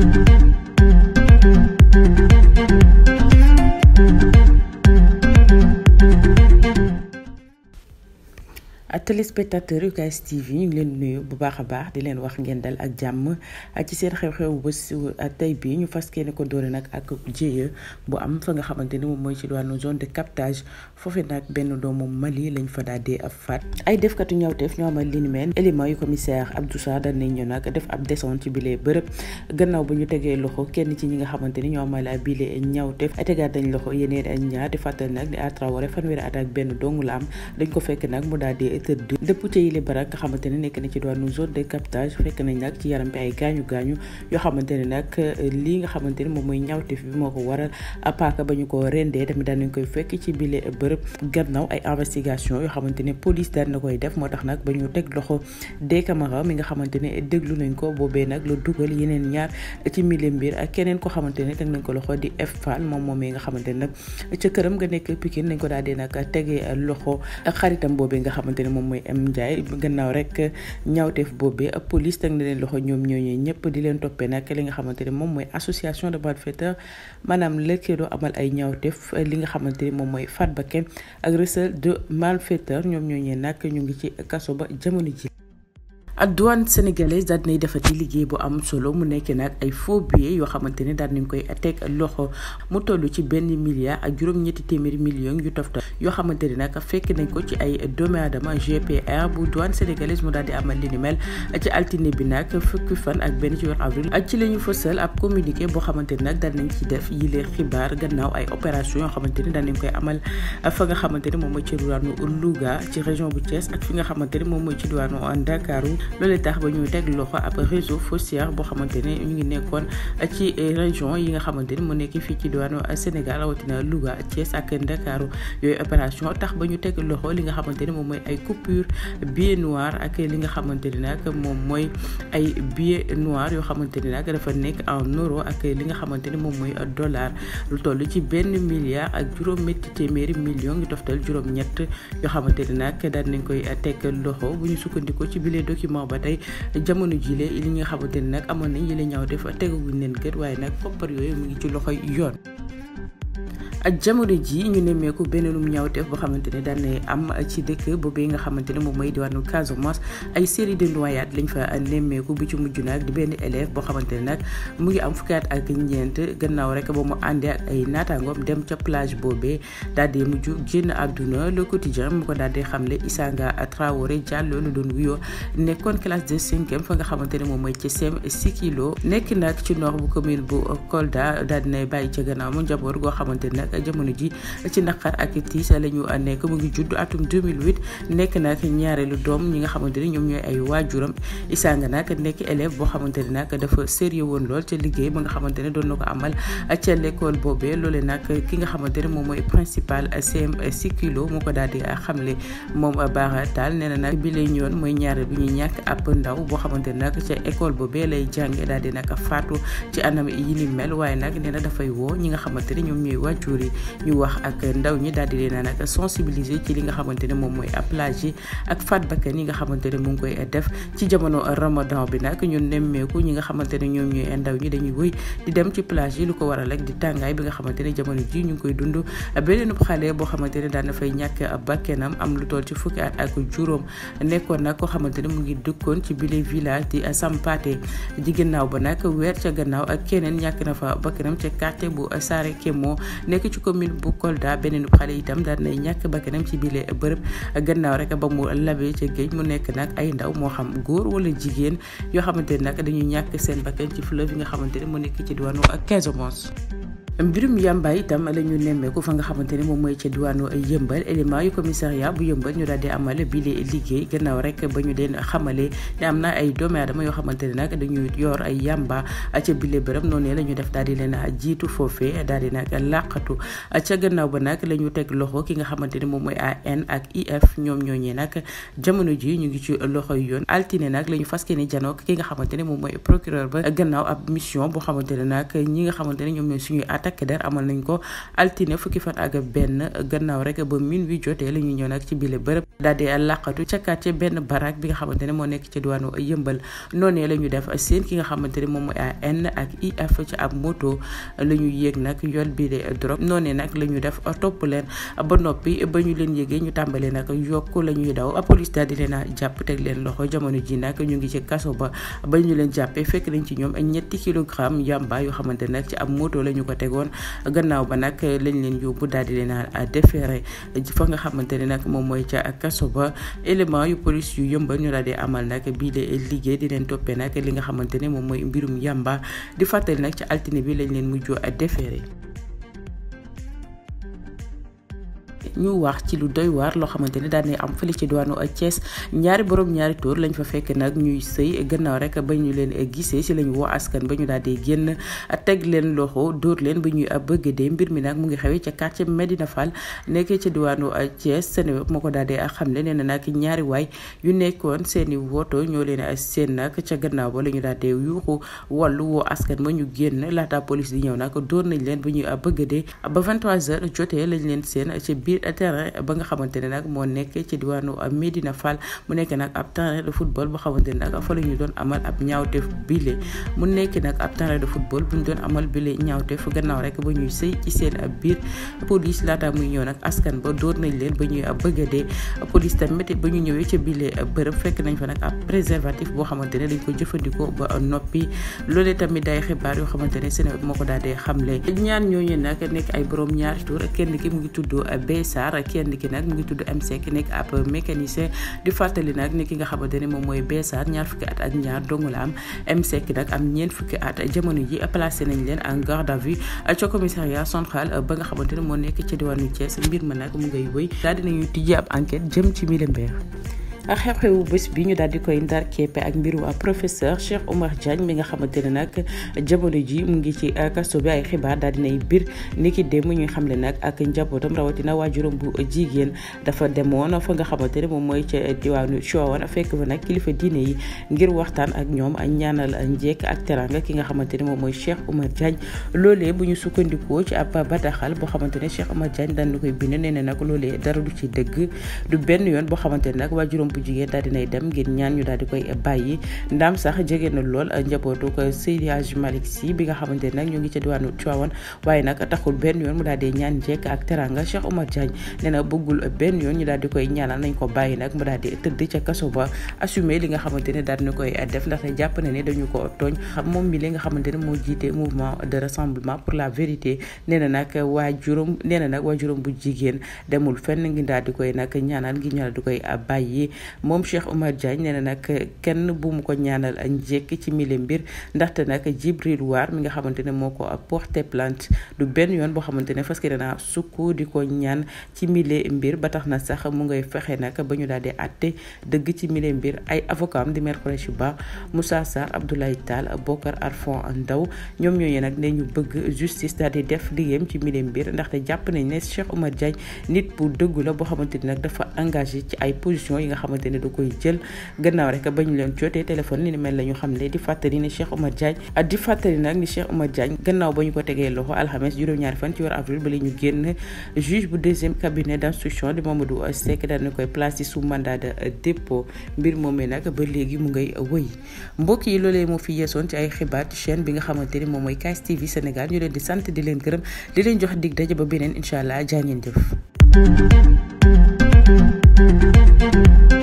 thank you ak euh, téléspectateurs yu KS TV ñu ngi leen nuyu bu baax a baax di leen wax ngeen dal ak jàmm euh, ci seen xew-xew bés euh, tey bii ñu fas yéene ko doore nag ak jéeya bu am fa nga xamante ni moom mooy ci diwaanu zone de captage foofu nag benn doomu Mali lañ fa daal di faat ay defkatu ñawteef ñoo amal li ni mel élément yu commissaire Abdou Sarr dañ nañ ñu nag def ab descente ci bile bërëb bu ñu tegee loxo kenn ci ñi nga xamante ni ñoo amal bile ñawteef tegaat dañ loxo yeneen ñaar di fàttali nag di Traoré fanweeri at benn dong la am dañ ko fekk nag mu daal di secteur 2 dëpp ca yile barak nga xamante ne nekk na ci doonu zone de captage fekk nañ nag ci yaram bi ay gaañu gaañu yoo xamante ne nag euh, lii nga xamante ne moom mooy nga xamante nag ci këram nga nekk Pikine nañ ko daal di nag tegee loxo xaritam boobee nga xamante moom mooy M Ndiaye gannaaw rek ñaawteef boobee police teg na leen loxo ñoom ñooñu ñëpp di leen toppee nag li nga xamante ne moom mooy association de malfaiteurs maanaam lëkkaloo amal ay ñaawteef li nga xamante ne moom mooy faat bakkan ak recel de malfaiteurs ñoom ñooñee nag ñu ngi ci kaso ba jamono ji ak douane sénégalaise daal dinay defati liggéey bu am solo mu nekkee nag ay faux yoo xamante ne daal nañ koy teg loxo mu toll ci benn milliard ak juróom-ñetti téeméeri millions yu toftal yoo xamante ne nag fekk nañ ko ci ay doomi aadama GPR bu douane sénégalaise mu daal di amal li ci altine bi nag fukki fan ak benn ci weer avril ak ci la ñu fësal ab communiqué boo xamante ne nag daal nañ ci def yile xibaar gannaaw ay opération yoo xamante ne daal nañ koy amal nga xamante ne moom mooy ci diwaanu Louga ci région bu Thiès ak fi nga xamante ne moom mooy ci diwaanu Ndakaaru loolu tax ba ñu teg loxo ab réseau faussaire boo xamante ne ñu ngi nekkoon ci eh, région yi nga xamante ni mu nekk fii ci diwaanu eh, Sénégal rawatina Louga Thiès ak Ndakaaru yooyu opération tax ba ñu teg loxo li nga xamante ne moom mooy ay coupure billet noir ak li nga xamante ne nag moom mooy ay billet noir yoo xamante ne nag dafa nekk en euro ak li nga xamante ne moom mooy dollar lu toll ci benn milliard ak juróom-ñetti téeméeri million ngi toftal juróom-ñett yoo xamante ne nag daan koy teg loxo bu ñu sukkandikoo ci bile document effectivement ba tey jamono jile li nga xamante ni nag amoon nañ yële ñaaw def a tegaguñ leen gët waaye nag koppar yooyu mu ngi ci loxoy yoon. ak jamono ji ngi nemmeeku beneenum ñaawteef boo xamante ne daan am ci dëkk boobee nga xamante ne moom mooy diwaanu Casamance ay série de noyades lañ fa nemmeeku bu ci mujj nag di benn élève boo xamante ne nag mu ngi am fukki at ak ñeent gannaaw rek mu àndee ay naataangoom dem ca plage boobee daal di mujj génn àdduna le quotidien mu ko daal di xamle Isanga Traoré Diallo la doon nekkoon classe de fa nga xamante ne moom mooy ci sem Sikilo nekk nag ci nord bu commune bu Kolda daal di nay bàyyi ca gannaaw mu njaboot goo xamante ne nag jamono ji ci naqar ak tiis la ñu nekk mu ngi judd atum 2008 nekk nag ñaareelu doom ñi nga xamante ni ñoom ñooy ay waajuram Issa nag nekk élève boo xamante ni nag dafa sérieux woon lool ca liggéey ba nga xamante ne doon na ko amal ca l'école boobee loolee nag ki nga xamante ne moom mooy principal CM Sikilo moo ko daal di xamle moom Bara Tall nee na nag bi lay ñoon mooy ñaareel bi ñuy ñàkk ndaw boo xamante ne nag ca école boobee lay jànge daal di nag faatu ci anam yi waaye nag nee dafay woo nga xamante ne ñoom ñooy waajur yi ñu wax ak ndaw ñi daal leen nag sensibiliser ci li nga xamante ne moom mooy plage yi ak faat bakkan yi nga xamante ne mu ngi koy def ci jamono ramadan bi ñi nga xamante ne ñoom ñooy ndaw ñi dañuy wëy di dem ci plage yi lu ko waral rek di tàngaay bi nga xamante ne jamono ji ñu ngi koy dund beneen xale boo xamante ne daan na fay ñàkk bakkenam am lu toll ci fukki at ak juróom nekkoon nag koo xamante ne mu ngi dëkkoon ci bile village di Sampaté ji gannaaw ba nag weer ca gannaaw ak keneen ñàkk na fa bakkenam ca quartier bu Sare ci commune bu Kolda beneen xale itam daan nay ñàkk bakkanam ci biile bërëb gannaaw rek ba mu labee ca géej mu nekk nag ay ndaw moo xam góor wala jigéen yoo xamante ne nag dañuy ñàkk seen bakkan ci fleuve yi nga xamante ne mu nekk ci diwaanu Casamance. mbirum yamba itam la ñu nemmeeku fa nga xamante ne moom mooy ca diwaanu yëmbal élément yu commissariat bu yëmbal ñu daal di amal bi lee liggéey gannaaw rek ba ñu leen xamalee ne am na ay doomi dama yoo xamante ne nag dañuy yor ay a ca bile bërëb noonu la ñu def daal di leen jiitu foofee daal di nag làqatu ca gannaaw ba nag la ñu teg loxo ki nga xamante ni moom mooy AN ak IF ñoom ñooñee nag jamono ji ñu ngi ci loxoy yoon altine nag la ñu fas yéene janook ki nga xamante ne moom mooy procureur ba gannaaw ab mission boo xamante ne nag ñi nga xamante ne ñoom ñooy suñuy attaque der nañ ko altine fukki fan ak benn gannaaw rek ba min wi jotee la ñu ñëw nag ci bile bërëb daal di làqatu ca quartier benn barak bi nga xamante ne moo nekk ci diwaanu yëmbal noonee la ñu def seen ki nga xamante ne moom mooy AN ak IF ci ab moto la ñu yéeg nag yool bi de noonu nag la ñu def topp leen ba noppi ba ñu leen yëgee ñu tàmbali nag yokk la ñuy daw police daal di leen a jàpp teg leen loxo jamono ji nag ñu ngi ci kaso ba ba ñu leen jàppee fekk nañ ci ñoom ñetti kilogramme yamba yoo xamante nag ci ab moto la ñu ko tegoon gannaaw ba nag lañ leen yóbbu daal di leen a déféré fa nga xamante ne nag moom mooy ca kaso ba élément yu police yu yëmbal ñu daal amal nag bii de liggéey di leen toppee nag li nga xamante ne moom mooy mbirum yamba di fàttali nag ci altine bi lañ leen mujjoo a déféré ñu wax ci lu doy waar loo xamante ni daan am fële ci diwaanu Thiès ñaari borom ñaari tóor lañ fa fekk nag ñuy sëy gannaaw rek ba ñu leen gisee si lañu woo askan ba ñu daal di génn teg leen loxo dóor leen ba ñuy bëgg dee mbir mi nag mu ngi xewee ca quartier Medina Fall nekkee ca diwaanu Thiès Seneweb moo ko daal di xamle nee na nag ñaari waay yu nekkoon seen i woto ñoo leen seen nag ca gannaaw ba ñu daal di yuuxu wàllu woo askan ba ñu génn laata police di ñëw nag door nañ leen bu ñuy bëgg dee ba 23 heures jotee lañ leen seen ci biir terrain ba nga xamante ne nag moo nekkee ci diwaanu Medina Fall mu nekkee nag ab terrain de football boo xamante ne nag fa la ñu doon amal ab ñaawteef bile mu nekk nag ab terrain de football bu ñu doon amal bile ñaawteef gannaaw rek ba ñuy sëy ci seen ab biir police laata muy ñëw nag askan ba dóor nañ leen ba ñuy bëgg a dee police tamit ba ñu ñëwee ca bile bërëb fekk nañ fa nag ab préservatif boo xamante ne dañ ko jëfandikoo ba noppi loolee tamit day xibaar yoo xamante ne Sénégal moo ko daal di xamle ñaar ñooñu nag nekk ay borom ñaar tur kenn ki mu ngi tudd bees Sarr kenn ki nag mu ngi tudd MC ki nekk ab mécanicien di fàttali nag ni ki nga xamante ne moom mooy Bee Sarr ñaar fukki at ak ñaar dong la am MC ki nag am ñeent fukki at jamono ji placé nañ leen en garde à vue ca commissariat central ba nga xamante ne moo nekk ca diwaanu Thiès mbir ma nag mu ngay wëy daal dinañuy tijji ab enquête jëm ci mille mbir xew-xewu bés bi ñu daal di koy ndar képpe ak mbiru professeur Cheikh Oumar Diagne mi nga xamante ne nag jamono ji mu ngi ci kaso bi ay xibaar daal nay biir niki mu ñuy xamle nag ak njabootam rawatina waajuram bu jigéen dafa demoon fa nga xamante ne moom mooy ca diwaanu Tivaouane fekk fa nag kilifa diine yi ngir waxtaan ak ñoom ñaanal njekk ak teranga ki nga xamante ne moom mooy Cheikh Oumar Diagne loolee bu ñu sukkandikoo ci ab bataaxal boo xamante ne Cheikh Oumar Diagne daan na koy bind nee na nag loolee dara du ci dëgg du benn yoon boo xamante ne nag waajuram bu jigéen daal dinay dem ngir ñaan ñu daal di koy bàyyi ndaam sax jege na lool njabootu ko Seydi Hadji Malick Sy bi nga xamante ne nag ñu ngi ca diwaanu yoon mu daal di ñaan njekk ak na koy ñaanal ko bàyyi nag mu daal di tëdd li nga xamante ne daal dina koy def ndax ne jàpp na ne dañu ko tooñ moom mi li nga xamante ne moo jiite mouvement de rassemblement pour la vérité nee na nag waa juróom nee na nag waa juróom bu jigéen demul fenn ngi daal di koy nag ñaanal ngi ñaanal di a bàyyi moom Cheikh Oumar Diagne nee na nag kenn bu mu ko ñaanal ak njëkk ci mille mbir ndaxte nag Djibril waar mi nga xamante ne moo ko porté plainte du benn yoon boo xamante ne fas yéene naa sukk di ko ñaan ci mille mbir ba tax na sax mu ngay fexe nag ba ñu daal di àtte dëgg ci mille mbir ay avocat am di maître Khoureyssi Ba Moussa Sarr Abdoulaye Tall Bokar Arfan Ndaw ñoom ñooñu nag ne ñu bëgg justice daal def liggéeyam ci mille mbir ndaxte jàpp nañ ne Cheikh Oumar nit bu dëgg la boo xamante ne nag dafa engagé ci ay position yi nga xam da koy jël gannaaw rek bañ leen jotee téléphone di fàttali ne Cheikh Omar Diagne ba ñu ko na koy placé sous mandat de dépôt mbir moomee nag ba léegi mu ngay wëy mbokk yi loolee moo fi yeesoon ci ay xibaar ci chaîne bi nga xamante ni moom mooy KS TV Sénégal ñu leen di sant di leen gërëm di leen jox dig daje ba beneen incha allah jaa ngeen jëf.